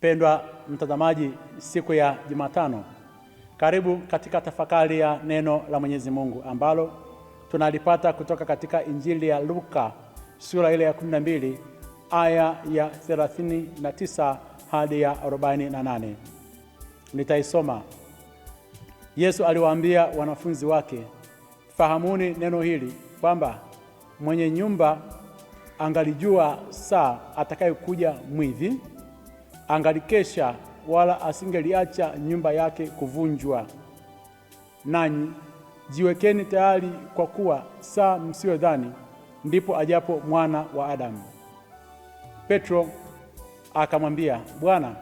Mpendwa mtazamaji, siku ya Jumatano, karibu katika tafakari ya neno la Mwenyezi Mungu ambalo tunalipata kutoka katika Injili ya Luka sura ile ya 12 aya ya 39 hadi ya 48. Nitaisoma. Yesu aliwaambia wanafunzi wake, fahamuni neno hili kwamba mwenye nyumba angalijua saa atakayokuja mwivi angalikesha wala asingeliacha nyumba yake kuvunjwa. Nanyi jiwekeni tayari, kwa kuwa saa dhani ndipo ajapo mwana wa Adamu. Petro akamwambia, Bwana,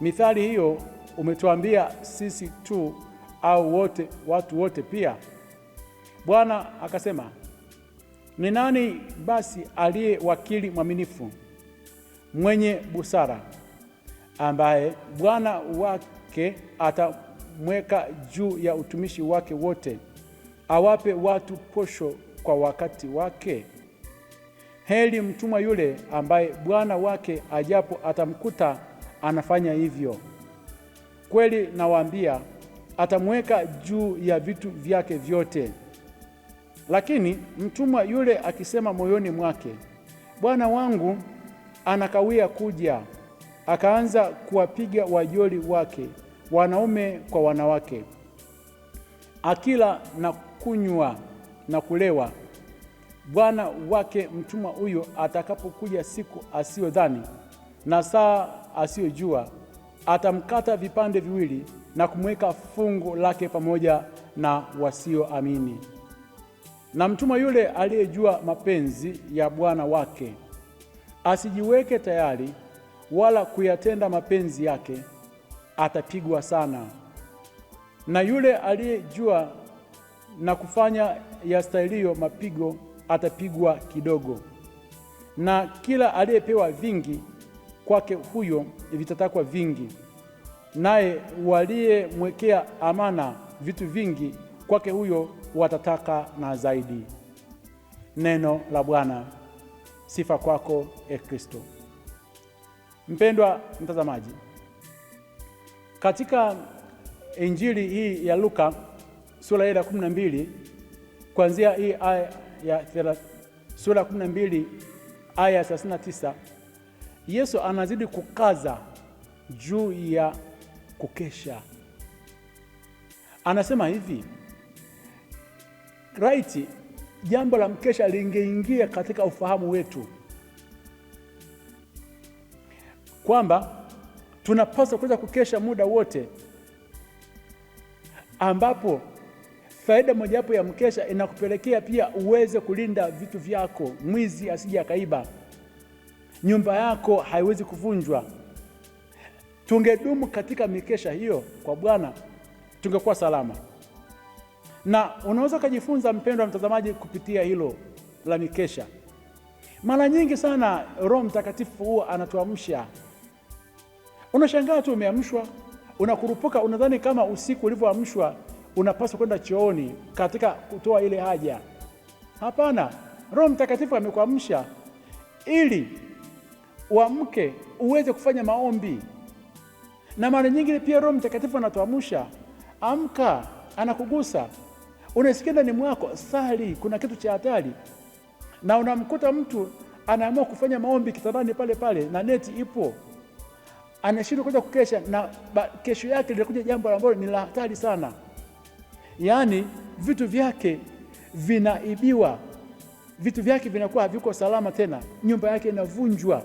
mithali hiyo umetuambia sisi tu au wote watu wote pia? Bwana akasema, ni nani basi aliye wakili mwaminifu mwenye busara ambaye Bwana wake atamweka juu ya utumishi wake wote, awape watu posho kwa wakati wake. heli mtumwa yule ambaye bwana wake ajapo atamkuta anafanya hivyo. Kweli nawaambia, atamweka juu ya vitu vyake vyote. Lakini mtumwa yule akisema moyoni mwake, bwana wangu anakawia kuja akaanza kuwapiga wajoli wake wanaume kwa wanawake, akila na kunywa na kulewa. Bwana wake mtumwa huyo atakapokuja siku asiyodhani na saa asiyojua, atamkata vipande viwili na kumweka fungu lake pamoja na wasioamini. Na mtumwa yule aliyejua mapenzi ya bwana wake asijiweke tayari wala kuyatenda mapenzi yake, atapigwa sana. Na yule aliyejua na kufanya yastahiliyo mapigo atapigwa kidogo, na kila aliyepewa vingi, kwake huyo vitatakwa vingi, naye waliyemwekea amana vitu vingi, kwake huyo watataka na zaidi. Neno la Bwana. Sifa kwako, e Kristo. Mpendwa mtazamaji, katika Injili hii ya Luka sura ya kumi na mbili kuanzia hii aya ya sura ya kumi na mbili aya ya 39 Yesu anazidi kukaza juu ya kukesha. Anasema hivi raiti, jambo la mkesha lingeingia katika ufahamu wetu kwamba tunapaswa kuweza kukesha muda wote, ambapo faida mojawapo ya mkesha inakupelekea pia uweze kulinda vitu vyako, mwizi asije akaiba, nyumba yako haiwezi kuvunjwa. Tungedumu katika mikesha hiyo kwa Bwana, tungekuwa salama. Na unaweza ukajifunza, mpendwa mtazamaji, kupitia hilo la mikesha. Mara nyingi sana Roho Mtakatifu huwa anatuamsha Unashangaa tu umeamshwa, unakurupuka, unadhani kama usiku ulivyoamshwa unapaswa kwenda chooni katika kutoa ile haja. Hapana, Roho Mtakatifu amekuamsha ili uamke uweze kufanya maombi. Na mara nyingi pia Roho Mtakatifu anatuamsha, amka, anakugusa, unasikia ndani mwako, sali, kuna kitu cha hatari. Na unamkuta mtu anaamua kufanya maombi kitandani pale pale na neti ipo anashindwa kuja kukesha na kesho yake linakuja jambo ambalo ni la hatari sana, yaani vitu vyake vinaibiwa, vitu vyake vinakuwa haviko salama tena, nyumba yake inavunjwa,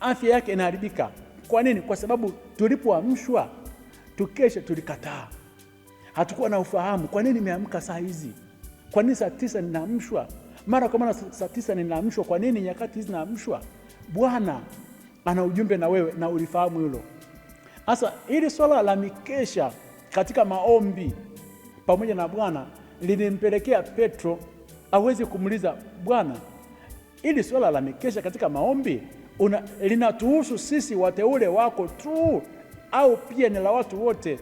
afya yake inaharibika. Kwa nini? Kwa sababu tulipoamshwa tukesha, tulikataa, hatukuwa na ufahamu. Kwa nini nimeamka saa hizi? Kwa nini saa tisa ninaamshwa mara kwa mara? Saa tisa ninaamshwa, kwa nini nyakati hizi naamshwa? Bwana ana ujumbe na wewe na ulifahamu hilo. Sasa hili swala la mikesha katika maombi pamoja na Bwana lilimpelekea Petro aweze kumuliza Bwana, hili swala la mikesha katika maombi linatuhusu sisi wateule wako tu au pia ni la watu wote?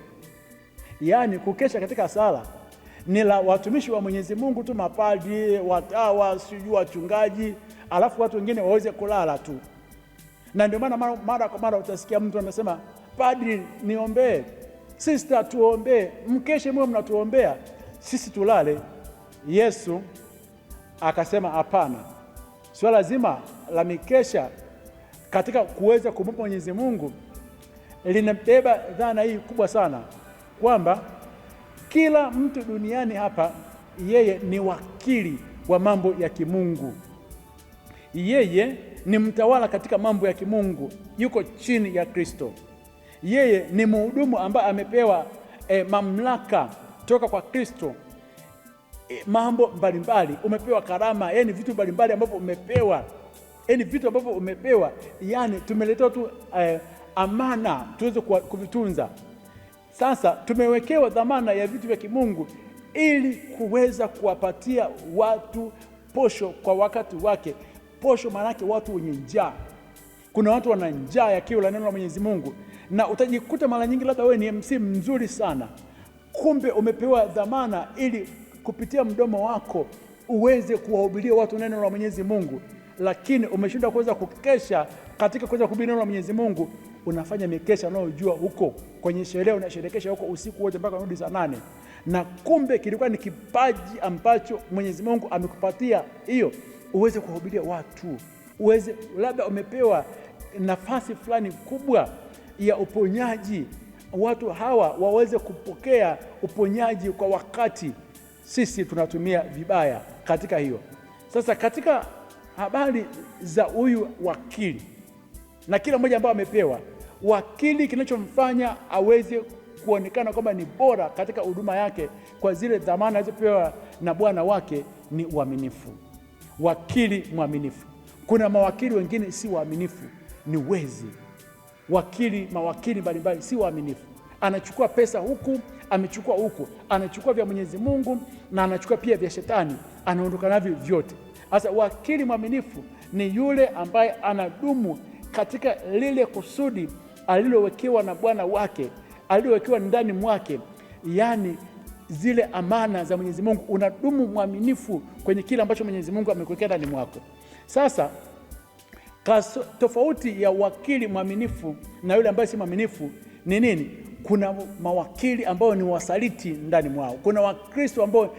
Yaani, kukesha katika sala ni la watumishi wa Mwenyezi Mungu tu, mapadri, watawa, sijui wachungaji, alafu watu wengine waweze kulala tu na ndio maana mara kwa mara utasikia mtu anasema, padri niombee, sista tuombee, mkeshe mwe mnatuombea sisi tulale. Yesu akasema hapana, swala zima la mikesha katika kuweza kumupa Mwenyezi Mungu linabeba dhana hii kubwa sana kwamba kila mtu duniani hapa yeye ni wakili wa mambo ya kimungu, yeye ni mtawala katika mambo ya kimungu, yuko chini ya Kristo. Yeye ni mhudumu ambaye amepewa e, mamlaka toka kwa Kristo e, mambo mbalimbali umepewa karama, yani vitu mbalimbali ambavyo umepewa, yani vitu ambavyo umepewa, yani tumeletewa tu e, amana tuweze kuvitunza. Sasa tumewekewa dhamana ya vitu vya kimungu ili kuweza kuwapatia watu posho kwa wakati wake Posho maanake watu wenye njaa. Kuna watu wana njaa ya kiu la neno la Mwenyezi Mungu, na utajikuta mara nyingi, labda wewe ni MC mzuri sana, kumbe umepewa dhamana ili kupitia mdomo wako uweze kuwahubiria watu neno la Mwenyezi Mungu, lakini umeshindwa kuweza kukesha katika kuweza kuhubiri neno la Mwenyezi Mungu. Unafanya mikesha unayojua huko kwenye sherehe, unasherekesha huko usiku wote mpaka rudi saa nane, na kumbe kilikuwa ni kipaji ambacho Mwenyezi Mungu amekupatia hiyo uweze kuwahubiria watu, uweze labda umepewa nafasi fulani kubwa ya uponyaji, watu hawa waweze kupokea uponyaji kwa wakati. Sisi tunatumia vibaya katika hiyo. Sasa katika habari za huyu wakili na kila mmoja ambaye amepewa wakili, kinachomfanya aweze kuonekana kwamba ni bora katika huduma yake kwa zile dhamana alizopewa na bwana wake ni uaminifu wakili mwaminifu. Kuna mawakili wengine si waaminifu, ni wezi. Wakili, mawakili mbalimbali si waaminifu, anachukua pesa huku, amechukua huku, anachukua vya Mwenyezi Mungu na anachukua pia vya Shetani, anaondoka navyo vyote. Sasa wakili mwaminifu ni yule ambaye anadumu katika lile kusudi alilowekewa na Bwana wake alilowekewa ndani mwake, yaani zile amana za Mwenyezi Mungu, unadumu mwaminifu kwenye kile ambacho Mwenyezi Mungu amekuwekea ndani mwako. Sasa kaso, tofauti ya wakili mwaminifu na yule ambaye si mwaminifu ni nini? Kuna mawakili ambao ni wasaliti ndani mwao, kuna Wakristo ambao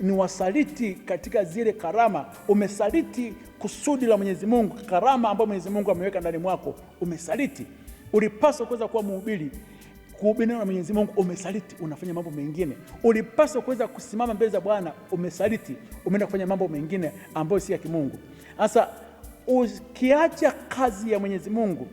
ni wasaliti katika zile karama. Umesaliti kusudi la Mwenyezi Mungu, karama ambayo Mwenyezi Mungu ameweka ndani mwako umesaliti. Ulipaswa kuweza kuwa mhubiri neno na Mwenyezi Mungu umesaliti, unafanya mambo mengine. Ulipaswa kuweza kusimama mbele za Bwana, umesaliti, umeenda kufanya mambo mengine ambayo si ya kimungu. Sasa ukiacha kazi ya Mwenyezi Mungu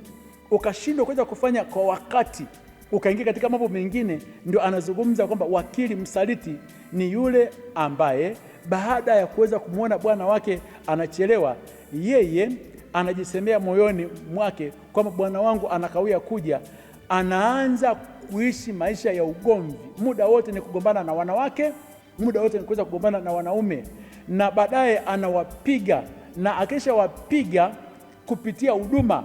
ukashindwa kuweza kufanya kwa wakati, ukaingia katika mambo mengine, ndio anazungumza kwamba wakili msaliti ni yule ambaye baada ya kuweza kumwona bwana wake anachelewa, yeye anajisemea moyoni mwake kwamba bwana wangu anakawia kuja anaanza kuishi maisha ya ugomvi. Muda wote ni kugombana na wanawake, muda wote ni kuweza kugombana na wanaume, na baadaye anawapiga, na akishawapiga kupitia huduma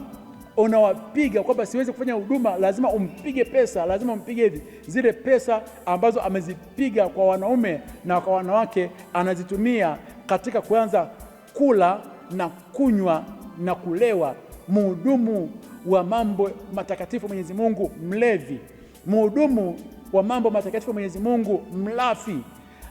unawapiga kwamba siwezi kufanya huduma, lazima umpige pesa, lazima umpige hivi. Zile pesa ambazo amezipiga kwa wanaume na kwa wanawake anazitumia katika kuanza kula na kunywa na kulewa. Mhudumu wa mambo matakatifu Mwenyezi Mungu mlevi, mhudumu wa mambo matakatifu Mwenyezi Mungu mlafi,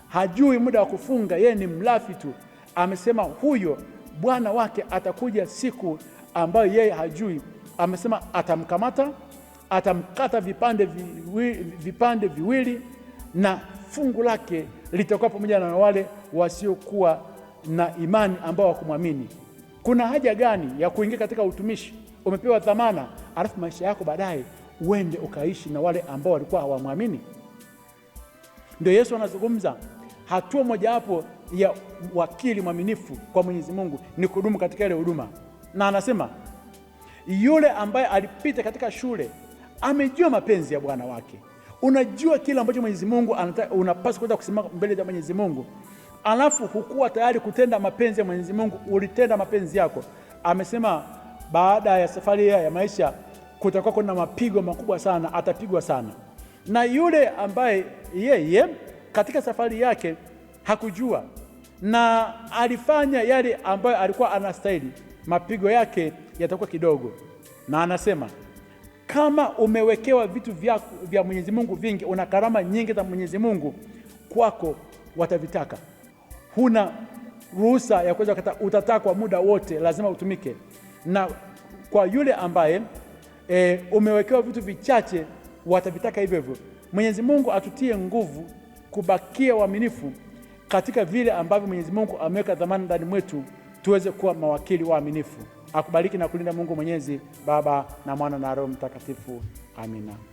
hajui muda wa kufunga, yeye ni mlafi tu. Amesema huyo bwana wake atakuja siku ambayo yeye hajui. Amesema atamkamata, atamkata vipande viwili, vipande viwili na fungu lake litakuwa pamoja na wale wasiokuwa na imani ambao wakumwamini. Kuna haja gani ya kuingia katika utumishi? umepewa dhamana, alafu maisha yako baadaye uende ukaishi na wale ambao walikuwa hawamwamini. Ndio Yesu anazungumza, hatua mojawapo ya wakili mwaminifu kwa Mwenyezi Mungu ni kudumu katika ile huduma, na anasema yule ambaye alipita katika shule amejua mapenzi ya Bwana wake. Unajua kile ambacho Mwenyezi Mungu anataka, unapaswa kwenda kusimama mbele za Mwenyezi Mungu, alafu hukuwa tayari kutenda mapenzi ya Mwenyezi Mungu, ulitenda mapenzi yako. Amesema baada ya safari ya maisha kutakuwa kuna mapigo makubwa sana, atapigwa sana. Na yule ambaye yeye katika safari yake hakujua na alifanya yale ambayo alikuwa anastahili, mapigo yake yatakuwa kidogo. Na anasema kama umewekewa vitu vya, vya Mwenyezi Mungu vingi, una karama nyingi za Mwenyezi Mungu kwako, watavitaka. Huna ruhusa ya kuweza kukataa, utatakwa muda wote, lazima utumike na kwa yule ambaye e, umewekewa vitu vichache watavitaka hivyo hivyo. Mwenyezi Mungu atutie nguvu kubakia waaminifu katika vile ambavyo Mwenyezi Mungu ameweka dhamana ndani mwetu, tuweze kuwa mawakili waaminifu. Akubariki na kulinda Mungu Mwenyezi, Baba na Mwana na Roho Mtakatifu. Amina.